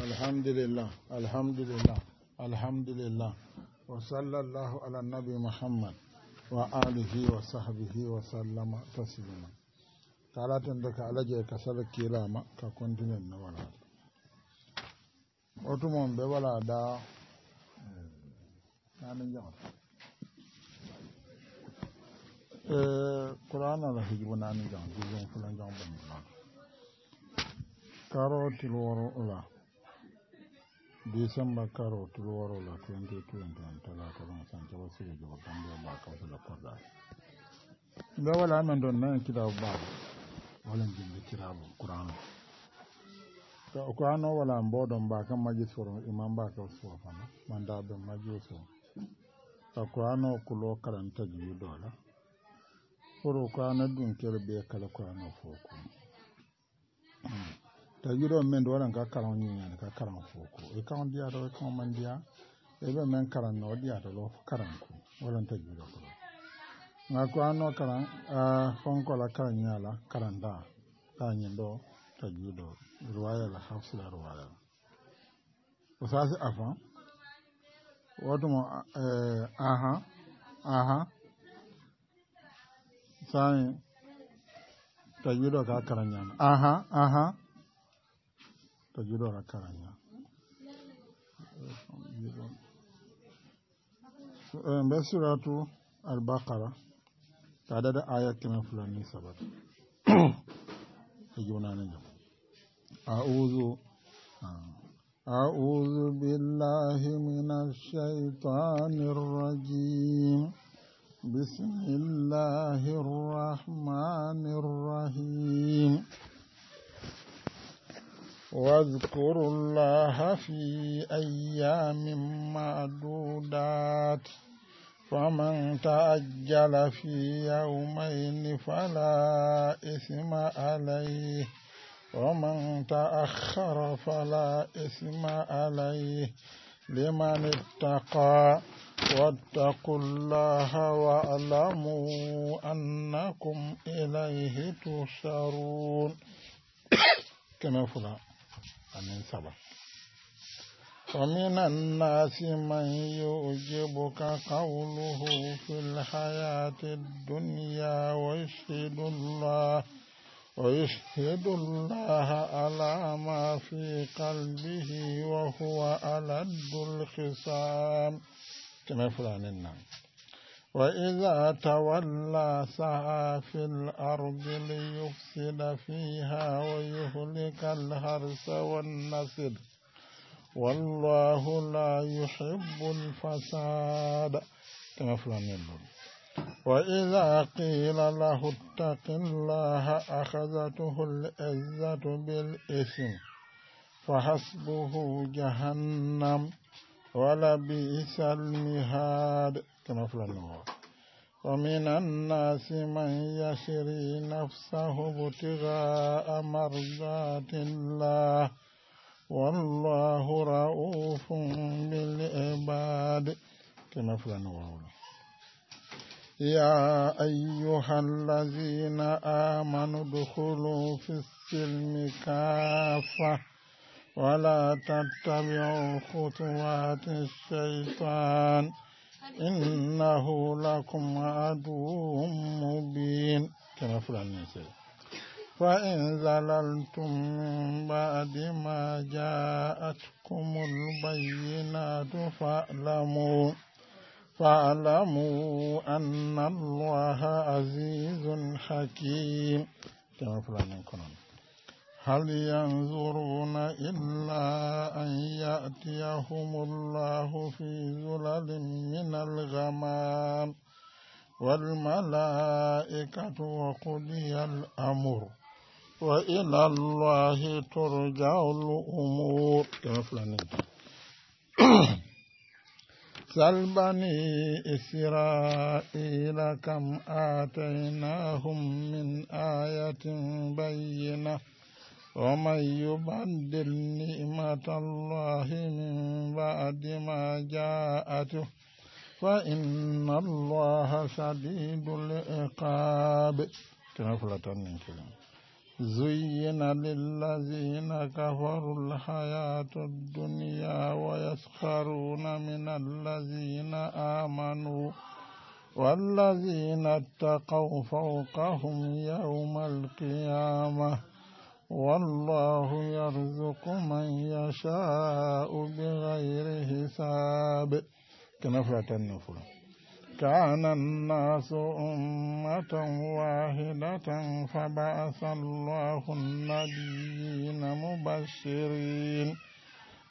الحمد لله الحمد لله الحمد لله وصلى الله على النبي محمد وآله وصحبه وسلم تسليما تعالى تندك على جي كسل كيلاما من ولا وتمون بولا دا يعني جمال قرآن الله يجبنا عن جمال جزء فلان جمال كاروت الورو الله décembre karotol woro la 2020 talataban sancaba sigi jogo gambia ba kawsula korɗal nda wala men ɗon nan kitabu baaba wala wala imam suwa fana kulo kala tawiɗo men ɗo waɗan ka karan ñiñani ka karan foko e kan ndiyaɗo e kan man ndiya eɓe men karan no ɗiyaɗo lo karan ku waɗan tawiɗo ko ga ko anno karan fonkola karan ñala karan da kañin ɗo tawiɗo ruwayala hafsila ruwayala o sasi avant wotumo e, aha aha sani tawiɗo ka karan ñama aha aha to juɗora karaña mbe suratu albakara taɗaɗa aya keme fulani sabat e jonani jam audu أعوذ بالله من الشيطان الرجيم بسم الله الرحمن الرحيم واذكروا الله في أيام معدودات فمن تأجل في يومين فلا إثم عليه ومن تأخر فلا إثم عليه لمن اتقى واتقوا الله واعلموا أنكم إليه تسرون كما فلان ومن الناس من يعجبك قوله في الحياة الدنيا ويشهد الله ويشهد الله على ما في قلبه وهو ألد الخصام كما فلان النعم وإذا تولى سعى في الأرض ليفسد فيها ويهلك الهرس والنسل والله لا يحب الفساد كما فلان يقول وإذا قيل له اتق الله أخذته العزة بالإثم فحسبه جهنم ولبئس المهاد كما فلان ومن الناس من يشري نفسه ابتغاء مرضات الله والله رؤوف بالعباد كما فلان يا أيها الذين آمنوا ادخلوا في السلم كافة ولا تتبعوا خطوات الشيطان إنه لكم عدو مبين كما فلان فإن زللتم من بعد ما جاءتكم البينات فاعلموا فاعلموا أن الله عزيز حكيم كما فلان هل ينظرون إلا أن يأتيهم الله في زلل من الغمام والملائكة وقضي الأمر وإلى الله ترجع الأمور سل بني إسرائيل كم آتيناهم من آية بينة ومن يبدل نعمة الله من بعد ما جاءته فإن الله شديد العقاب زين للذين كفروا الحياة الدنيا ويسخرون من الذين آمنوا والذين اتقوا فوقهم يوم القيامة والله يرزق من يشاء بغير حساب كنفرتنفر كان الناس أمة واحدة فبعث الله النبيين مبشرين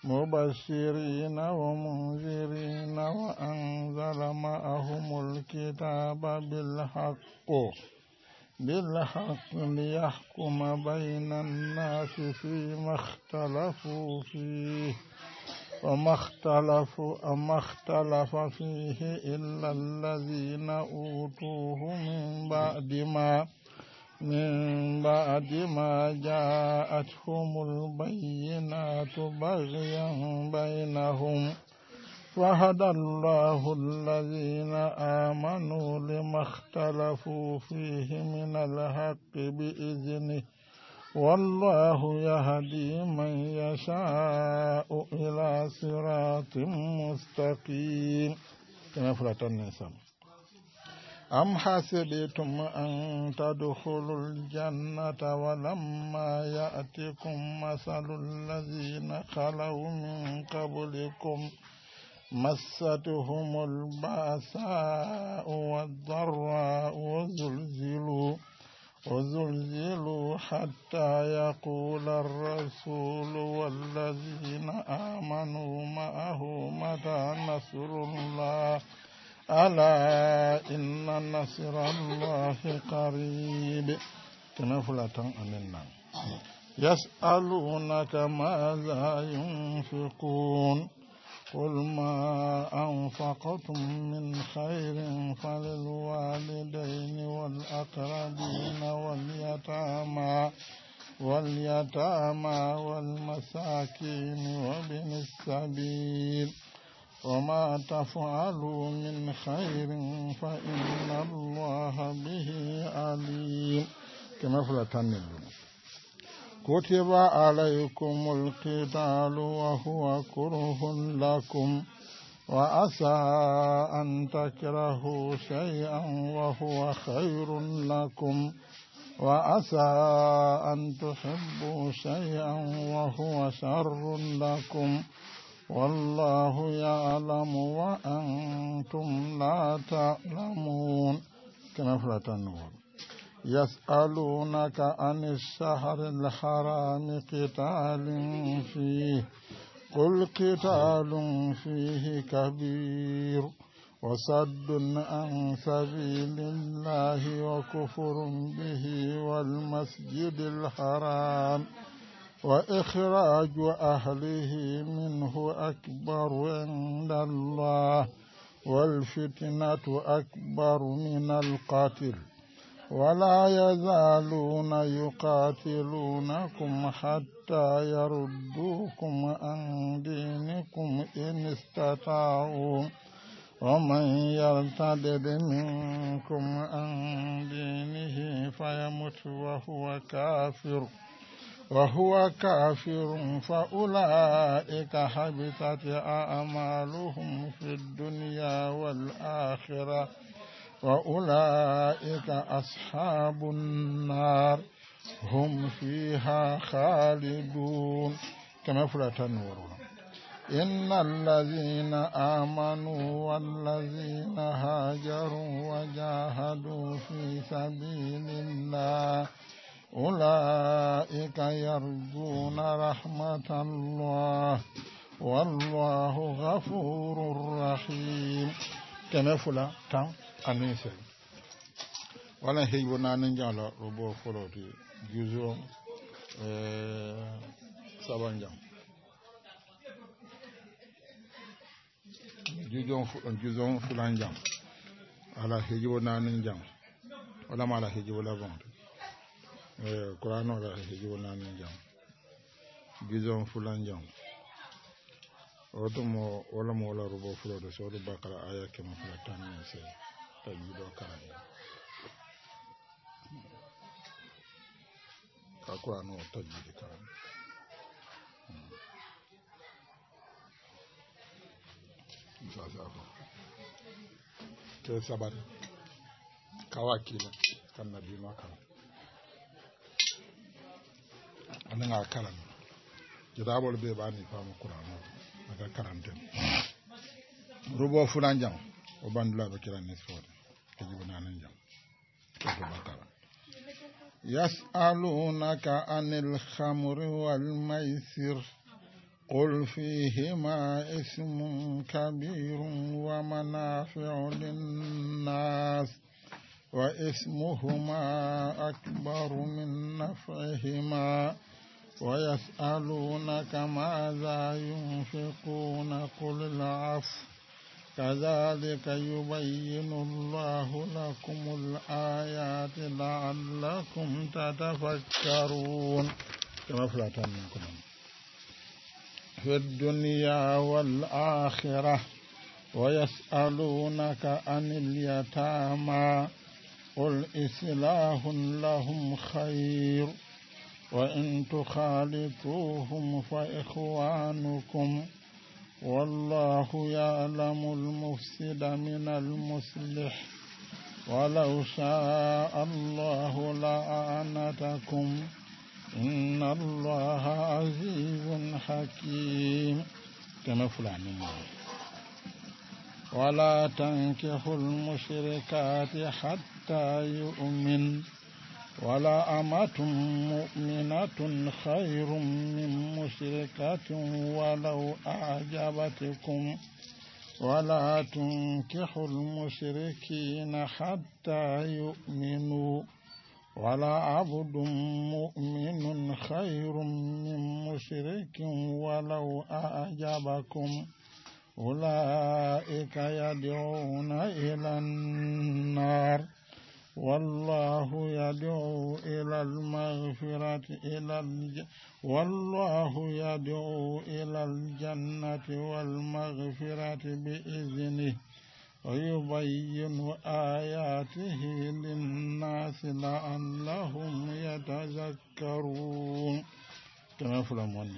مبشرين ومنذرين وأنزل معهم الكتاب بالحق بالحق ليحكم بين الناس فيما اختلفوا فيه وما اختلف وما اختلف فيه إلا الذين أوتوه من بعد ما من بعد ما جاءتهم البينات بغيا بينهم فهدى الله الذين آمنوا لما اختلفوا فيه من الحق بإذنه والله يهدي من يشاء إلى صراط مستقيم أم حسبتم أن تدخلوا الجنة ولما يأتكم مثل الذين خلوا من قبلكم مستهم البأساء والضراء وزلزلوا وزلزلوا حتى يقول الرسول والذين آمنوا معه متى نصر الله ألا إن نصر الله قريب يسألونك ماذا ينفقون قل ما أنفقتم من خير فللوالدين والأقربين واليتامى واليتامى والمساكين وابن السبيل وما تفعلوا من خير فإن الله به عليم كما فلتن الدنيا كتب عليكم القتال وهو كره لكم وعسى أن تكرهوا شيئا وهو خير لكم وعسى أن تحبوا شيئا وهو شر لكم والله يعلم وأنتم لا تعلمون كما فلا تنور يسألونك عن الشهر الحرام قتال فيه قل قتال فيه كبير وصد عن سبيل الله وكفر به والمسجد الحرام وإخراج أهله منه أكبر عند الله والفتنة أكبر من القتل ولا يزالون يقاتلونكم حتى يردوكم عن دينكم إن استطاعوا ومن يرتد منكم عن دينه فيمت وهو كافر وهو كافر فأولئك حبطت أعمالهم في الدنيا والآخرة وأولئك أصحاب النار هم فيها خالدون كما فلت النور إن الذين آمنوا والذين هاجروا وجاهدوا في سبيل الله أولئك يرجون رحمة الله والله غفور رحيم كما فلتن amin sey wona hey nanin jangla robo foloti juge eh, on saban jam juge on fulan jam ala heji nanin jam walama ala heji wola bonde eh, ala heji nanin jam juge fulan jam o ɗum o walamo wola robo fuloto so bakara aya kema fula to kanyo karanga kakuwanu to yudo kanyo sasako ke sabari kawa kila kan na biyu makara anan a karan jidabol bai ba ni famu kuranu daga karantin rubo funan jan وبان بكرا نسفور كجبنا ننجم بكرا يسألونك عن الخمر والميسر قل فيهما اسم كبير ومنافع للناس واسمهما أكبر من نفعهما ويسألونك ماذا ينفقون قل العفو كذلك يبين الله لكم الآيات لعلكم تتفكرون كما فلاتنكم في الدنيا والآخرة ويسألونك عن اليتامى قل إصلاح لهم خير وإن تخالطوهم فإخوانكم والله يعلم المفسد من المصلح ولو شاء الله لأعنتكم إن الله عزيز حكيم كما فلان ولا تنكحوا المشركات حتى يؤمن ولا أمة مؤمنة خير من مشركة ولو أعجبتكم ولا تنكحوا المشركين حتى يؤمنوا ولا عبد مؤمن خير من مشرك ولو أعجبكم أولئك يدعون إلى النار والله يدعو إلى المغفرة إلى الج... والله يدعو إلى الجنة والمغفرة بإذنه ويبين آياته للناس لعلهم يتذكرون كما فلمون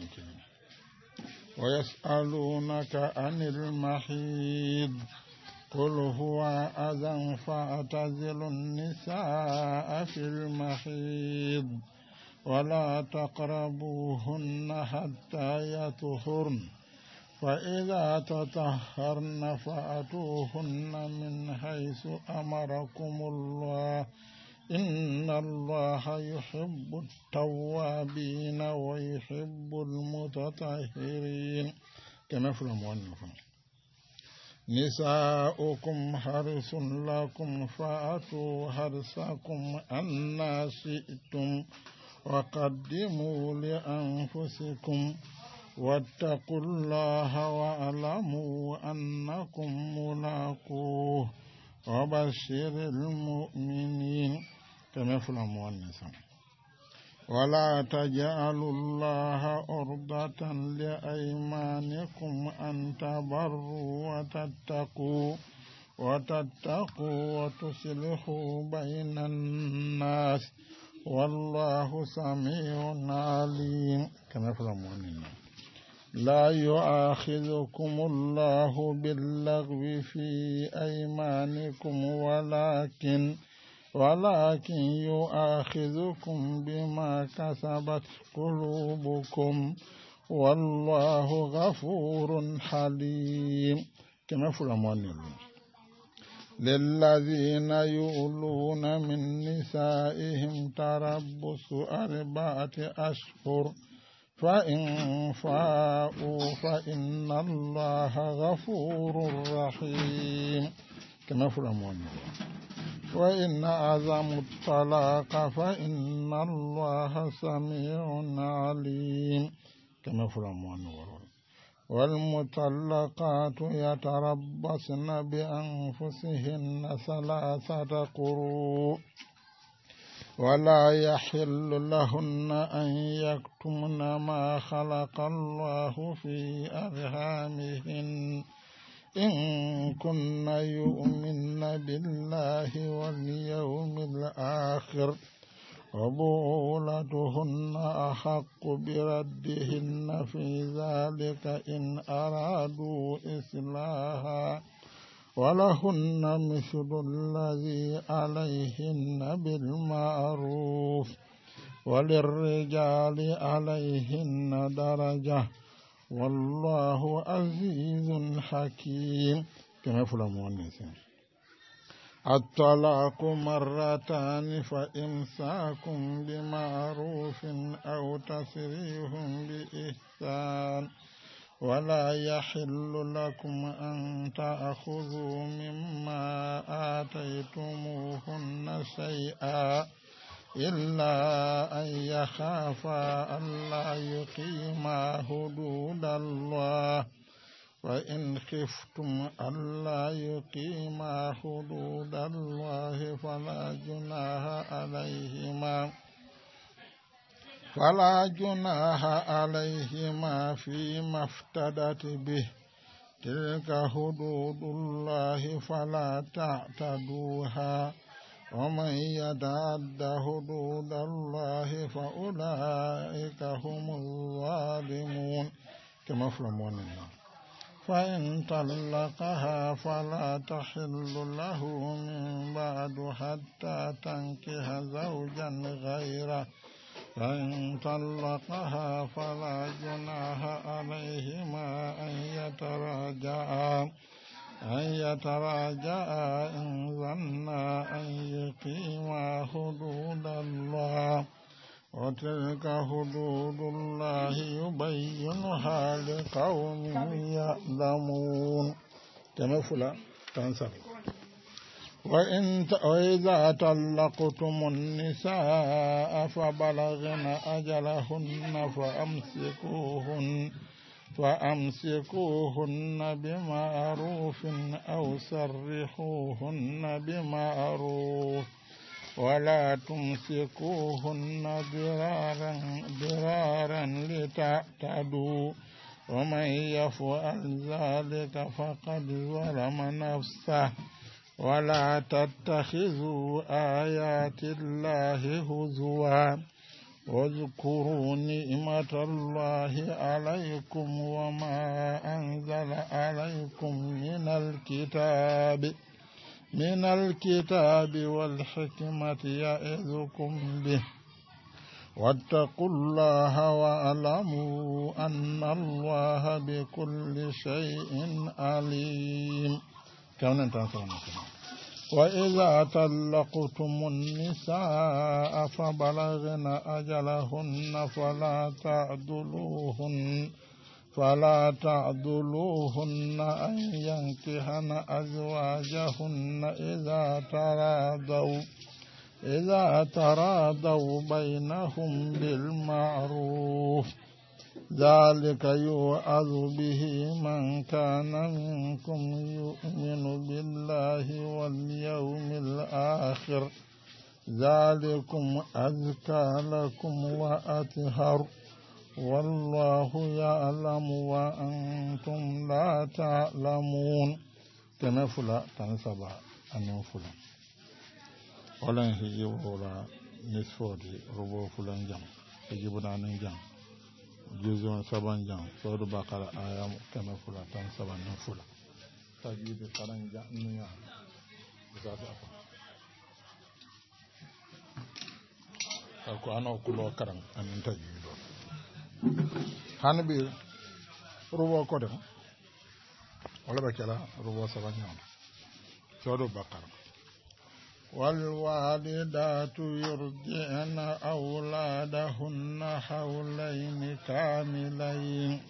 ويسألونك عن المحيط قل هو أذى فاعتزلوا النساء في المحيض ولا تقربوهن حتى يطهرن فإذا تطهرن فأتوهن من حيث أمركم الله إن الله يحب التوابين ويحب المتطهرين كما في الأموال نساؤكم حرث لكم فأتوا حرثكم أنا شئتم وقدموا لأنفسكم واتقوا الله واعلموا أنكم ملاقوه وبشر المؤمنين كما في الأموال نساء ولا تجعلوا الله أرضة لأيمانكم أن تبروا وتتقوا وتتقوا وتصلحوا بين الناس والله سميع عليم كما يفهمون لا يؤاخذكم الله باللغو في أيمانكم ولكن ولكن يؤاخذكم بما كسبت قلوبكم والله غفور حليم كما فلمان للذين يؤلون من نسائهم تربص أربعة أشهر فإن فاءوا فإن الله غفور رحيم كما فلمان وإن أعظم الطلاق فإن الله سميع عليم كما فرمان ورون والمطلقات يتربصن بأنفسهن ثلاثة قروء ولا يحل لهن أن يكتمن ما خلق الله في أرحامهن كنا يؤمن بالله واليوم الآخر وبولتهن أحق بردهن في ذلك إن أرادوا إصلاها ولهن مثل الذي عليهن بالمعروف وللرجال عليهن درجة والله عزيز حكيم كما فلان مؤنث الطلاق مرتان فإمساكم بمعروف أو تسريح بإحسان ولا يحل لكم أن تأخذوا مما آتيتموهن شيئا إلا أن يخاف ألا يقيما حدود الله وإن خفتم ألا يقيما حدود الله فلا جناه عليهما فلا جناه عليهما فيما افتدت به تلك حدود الله فلا تعتدوها ومن يتعد حدود الله فأولئك هم الظالمون كما الله فإن طلقها فلا تحل له من بعد حتى تنكح زوجا غيره فإن طلقها فلا جناح عليهما أن يتراجعا أن يتراجع إن ظن أن يقيم حدود الله وتلك حدود الله يبينها لقوم يعلمون كما فلا تنسر وإن وإذا طلقتم النساء فبلغن أجلهن فأمسكوهن فأمسكوهن بمعروف أو سرحوهن بمعروف ولا تمسكوهن ضرارا ضرارا لتعتدوا ومن يفعل ذلك فقد ظلم نفسه ولا تتخذوا آيات الله هزوا وَاذْكُرُونِ إِمَّا اللَّهِ عَلَيْكُمْ وَمَا أَنْزَلَ عَلَيْكُمْ مِنَ الْكِتَابِ مِنَ الْكِتَابِ وَالْحِكْمَةِ يَعِذُكُمْ بِهِ وَاتَّقُوا اللَّهَ وَأَلَمُوا أَنَّ اللَّهَ بِكُلِّ شَيْءٍ عَلِيمٍ كَوْنَا تَنْصَرَ مَكَمَا وإذا طلقتم النساء فبلغن أجلهن فلا تعدلوهن فلا تعدلوهن أن ينكحن أزواجهن إذا تراضوا إذا تراضوا بينهم بالمعروف ذَلِكَ يُوعَظُ بِهِ مَنْ كَانَ مِنْكُمْ يُؤْمِنُ بِاللَّهِ وَالْيَوْمِ الْآخِرِ ذَلِكُمْ أَزْكَى لَكُمْ وَأَطْهَرُ وَاللَّهُ يَعْلَمُ وَأَنْتُمْ لَا تَعْلَمُونَ tene fula tane saba anin fula olen hijibu wula nisfodi rubo fulan jam hijibu nanin jam juzon saban jan soro bakara aya kɛmɛ fila tan saba ni fila tajwidi karan jan nuya zaɓi afa ako ana kulo karan anin do hani bi rubo kodem wala ɓe kela rubo saban jan soro bakara والوالدات يرضعن أولادهن حولين كاملين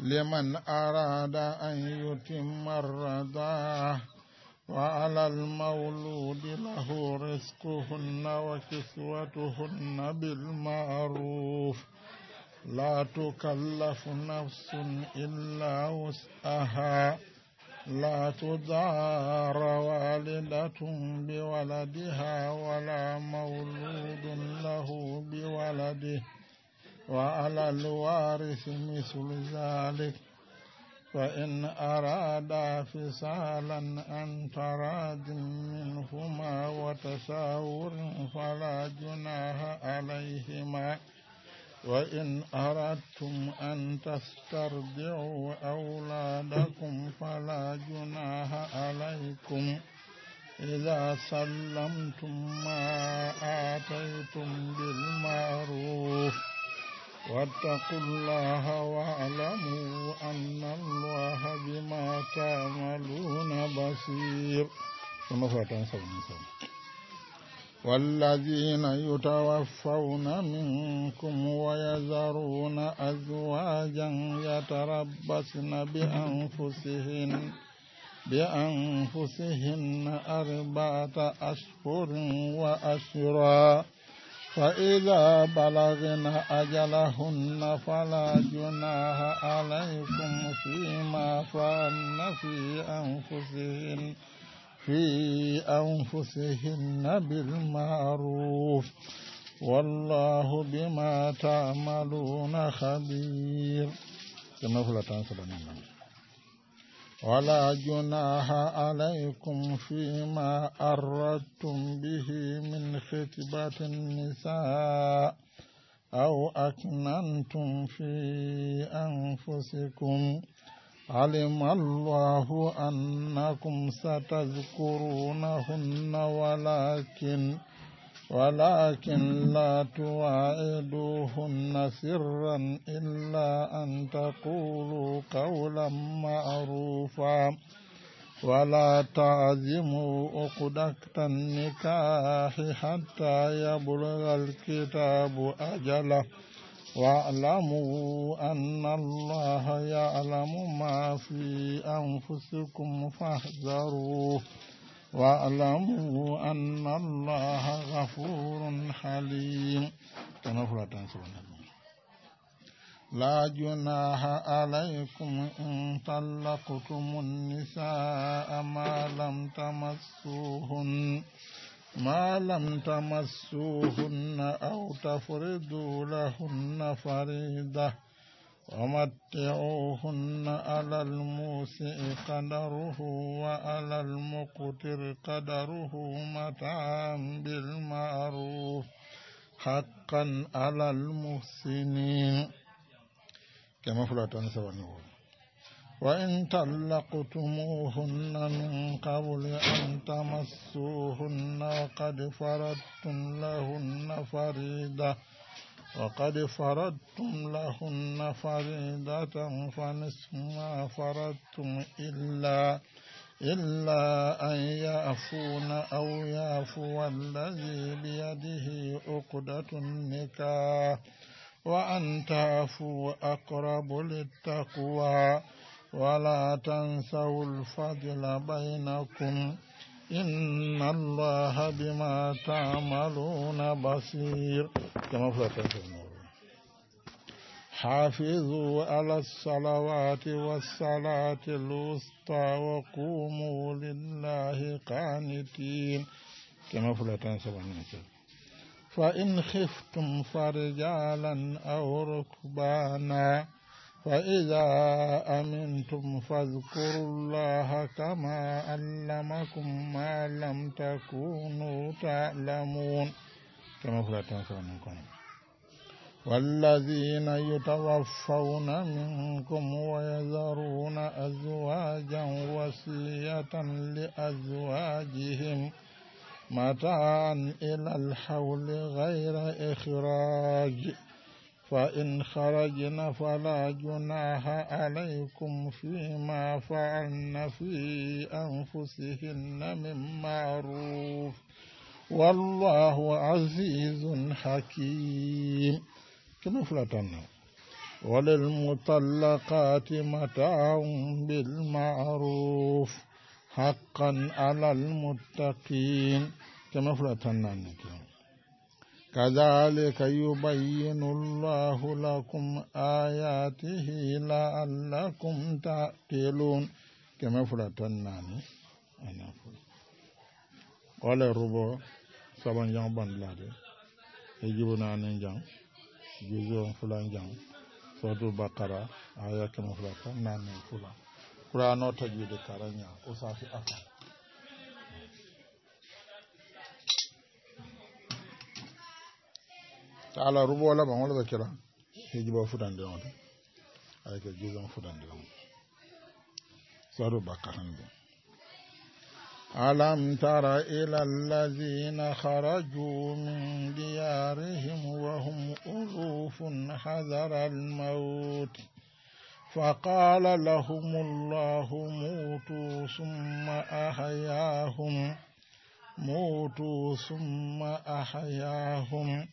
لمن أراد أن يتم الرضاعة وعلى المولود له رزقهن وكسوتهن بالمعروف لا تكلف نفس إلا وسعها لا تدار والدة بولدها ولا مولود له بولده وعلى الوارث مثل ذلك فإن أرادا فصالا أن تراد منهما وتساور فلا جناح عليهما وإن أردتم أن تسترضعوا أولادكم فلا جناح عليكم إذا سلمتم ما آتيتم بالمعروف واتقوا الله واعلموا أن الله بما تعملون بصير ثم فاتن سلم سلم والذين يتوفون منكم ويذرون أزواجا يتربصن بأنفسهن بأنفسهن أربعة أشهر وأشرا فإذا بلغن أجلهن فلا جناح عليكم فيما فعلن في أنفسهن في أنفسهن بالمعروف والله بما تعملون خبير ولا جناح عليكم فيما أردتم به من خطبة النساء أو أكننتم في أنفسكم علم الله أنكم ستذكرونهن ولكن ولكن لا تواعدوهن سرا إلا أن تقولوا قولا معروفا ولا تعزموا عقدة النكاح حتى يبلغ الكتاب أجله واعلموا أن الله يعلم ما في أنفسكم فاحذروه واعلموا أن الله غفور حليم لا جناح عليكم إن طلقتم النساء ما لم تمسوهن ما لم تمسوهن أو تفرضوا لهن فريضة ومتعوهن على الموسع قدره وعلى المقتر قدره متاعا بالمعروف حقا على المحسنين كما فلا تنسوا النور وإن طلقتموهن من قبل أن تمسوهن وقد فردتم لهن فريدة وقد فردتم لهن فريدة فنصف ما فردتم إلا, إلا أن يعفون أو يعفو الذي بيده عقدة النكاح وأن تعفوا أقرب للتقوى ولا تنسوا الفضل بينكم إن الله بما تعملون بصير كما حافظوا على الصلوات والصلاة الوسطى وقوموا لله قانتين كما فإن خفتم فرجالا أو ركبانا فإذا أمنتم فاذكروا الله كما علمكم ما لم تكونوا تعلمون كما والذين يتوفون منكم ويذرون أزواجا وصية لأزواجهم متاعا إلى الحول غير إخراج فإن خرجن فلا جناح عليكم فيما فعلن في أنفسهن من معروف والله عزيز حكيم كما فلتنا وللمطلقات متاع بالمعروف حقا على المتقين كما فلتنا نكلم كذلك يبين الله لكم آياته لعلكم تعقلون كما فرطنا أنا قال الربو سبان جان بان لادي يجيبنا نجان جزء فلان جان سورة البقرة آية كما فرطنا نان فلان قرآن تجويد كارنيا أصافي أفضل تعالى ربو ولا بعمر ذا كلام هيجبوا فدان ده عنده هيك جيزان فدان ده صاروا بكرهن ده ألم تر إلى الذين خرجوا من ديارهم وهم ألوف حذر الموت فقال لهم الله موتوا ثم أحياهم موتوا ثم أحياهم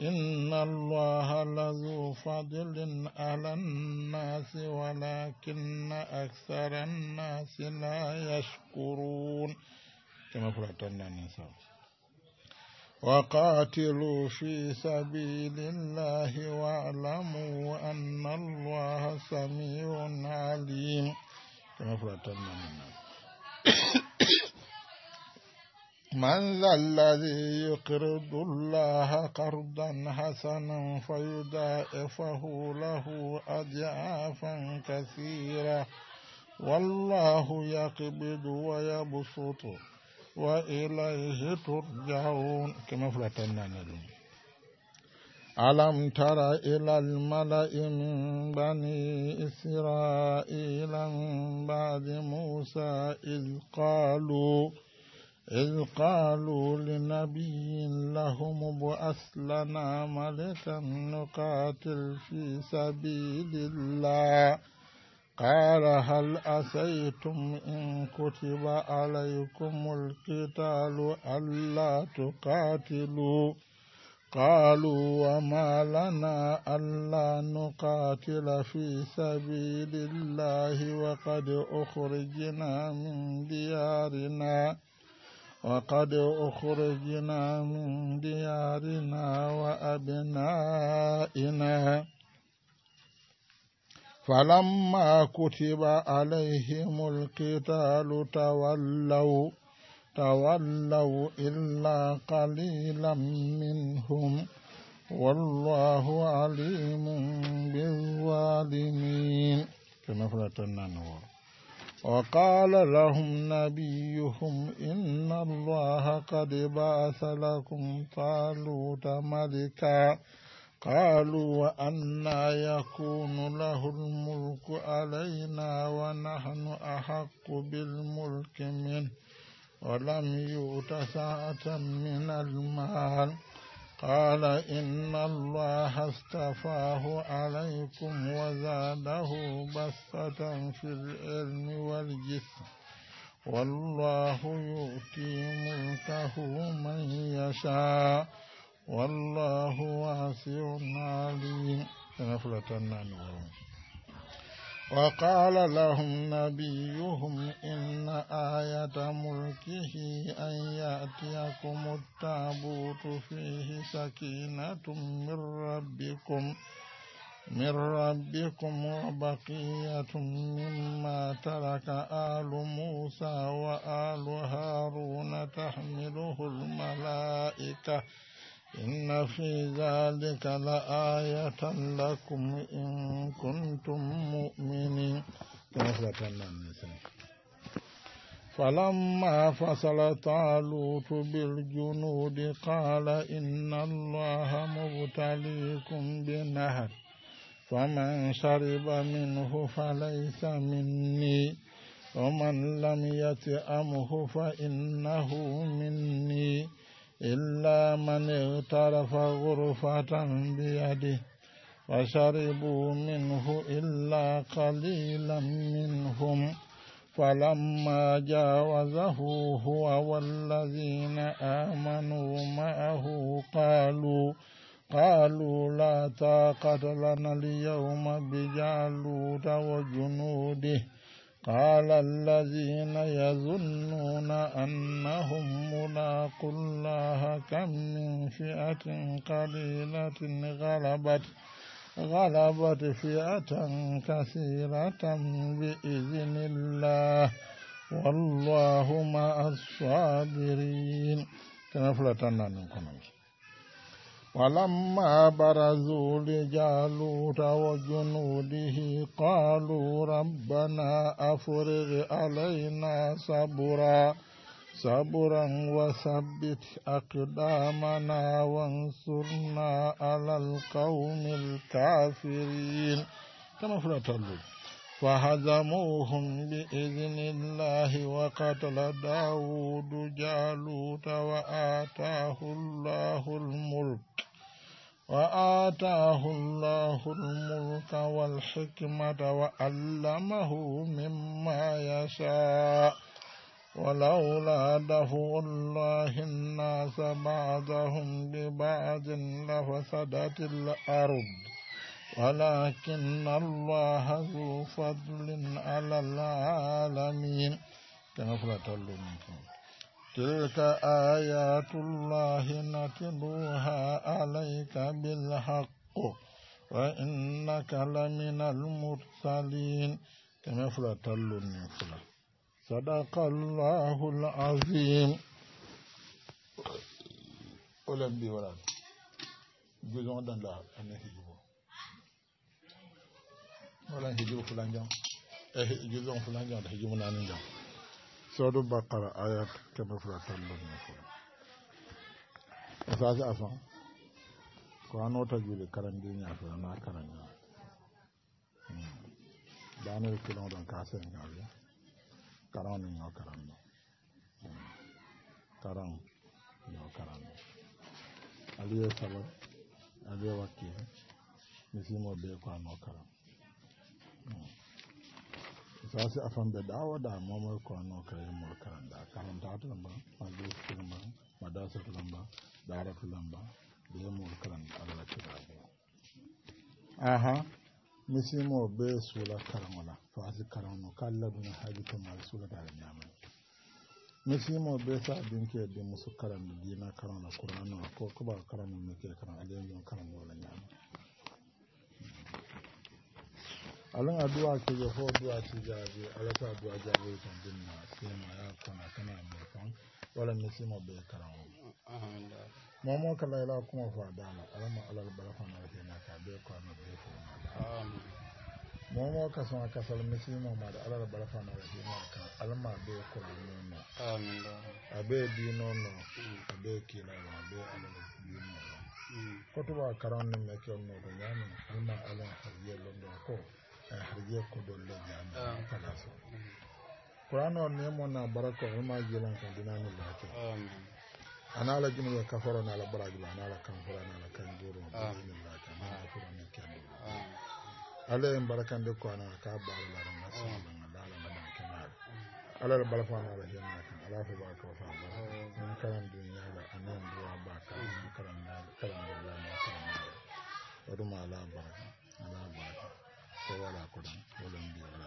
إن الله لذو فضل على الناس ولكن أكثر الناس لا يشكرون كما قرأتنا النساء وقاتلوا في سبيل الله واعلموا أن الله سميع عليم كما قرأتنا النساء من ذا الذي يقرض الله قرضا حسنا فيضاعفه له أضعافا كثيرة والله يقبض ويبسط وإليه ترجعون كما فلتنا نلوم ألم تر إلى الملأ من بني إسرائيل من بعد موسى إذ قالوا إذ قالوا لنبي لهم ابعث لنا ملكا نقاتل في سبيل الله قال هل أسيتم إن كتب عليكم القتال ألا تقاتلوا قالوا وما لنا ألا نقاتل في سبيل الله وقد أخرجنا من ديارنا وقد أخرجنا من ديارنا وأبنائنا فلما كتب عليهم القتال تولوا, تولوا إلا قليلا منهم والله عليم بالظالمين كما فلتنانوا وقال لهم نبيهم إن الله قد بعث لكم طالوت ملكا قالوا وأنا يكون له الملك علينا ونحن أحق بالملك منه ولم يؤت ساعة من المال قال إن الله اصطفاه عليكم وزاده بسطة في العلم والجسم والله يؤتي ملكه من يشاء والله واسع عليم وقال لهم نبيهم إن آية ملكه أن يأتيكم التابوت فيه سكينة من ربكم من ربكم وبقية مما ترك آل موسى وآل هارون تحمله الملائكة إن في ذلك لآية لكم إن كنتم مؤمنين فلما فصل طالوت بالجنود قال إن الله مبتليكم بنهر فمن شرب منه فليس مني ومن لم يتأمه فإنه مني إلا من اغترف غرفة بيده فشربوا منه إلا قليلا منهم فلما جاوزه هو والذين آمنوا معه قالوا قالوا لا طاقة لنا اليوم بجالوت وجنوده قال الذين يظنون أنهم ملاقوا الله كم من فئة قليلة غلبت غلبت فئة كثيرة بإذن الله والله مع الصابرين كما فلتنا نكون ولما برزوا لجالوت وجنوده قالوا ربنا أفرغ علينا صبرا صبرا وثبت أقدامنا وانصرنا على القوم الكافرين كما فرطلوا فهزموهم بإذن الله وقتل داود جالوت وآتاه الله الملك وآتاه الله الملك والحكمة وعلمه مما يشاء ولولا دفع الله الناس بعضهم ببعض لفسدت الأرض ولكن الله ذو فضل على العالمين كما فلا تلومكم تلك آيات الله نتلوها عليك بالحق وإنك لمن المرسلين كما فلا تلون فلا صدق الله العظيم ولم بي ولا جزون دان لا أنا هجبو ولا هجبو فلان جام جزون فلان جام هجبو نانين جام sodu bakara ayat keme fula tallon ne fula asasi afan ko an wata juli karandi nya fula na karanya hmm. dani kilon don kase ngawi karan ni nyo karan no karan nyo karan hmm. no aliye sala aliye wakki misimo be ko an karan hmm. sasi afambe dawa da mamar kono kare mol karanda karanta ta lamba madus lamba madasa lamba da dara lamba da be mol karanda ala kirabe aha misimo be sula karamola fasi karano kalla duna haji ta mal sula da misi misimo be sa dinke de musu karanda dina karano qur'ano ko kuba karano meke a ajen karano wala nyama alin addu'a ke ga ho addu'a ce ga je alaka addu'a ga wai kan din na sai ma ya kana kana mai kan wala ne sai ma bai karawo ma mo kala ila kuma fa da na alama alal barfa na ke na ka bai ko na bai ko na mu mo ka san ka sal misi mo ma da alal barfa na ke na ka alama bai ko na na amin abe bi no no abe ke na hmm. abe alal bi no hmm. kotuba karan ne me ke no ko nyani alma alan har yello ndo ko ka harje ko dolle jami ah. kada so qur'an on ne mo na barako ma jilan kan dinani la ta ana la jinu ka faro na la baraji ba na la kan faro na la kan juro bismillah ta na faro ne kan ala en barakan da ko ana ka ba la ran na ah. so na la la na kan ala la bala fana la jina kan ala fa ba ka fa ah. ba mun karan duniya la anan duwa ba ka karan karan la na kan waduma la baraka ko waɗa ko ɗon oɗon mbiya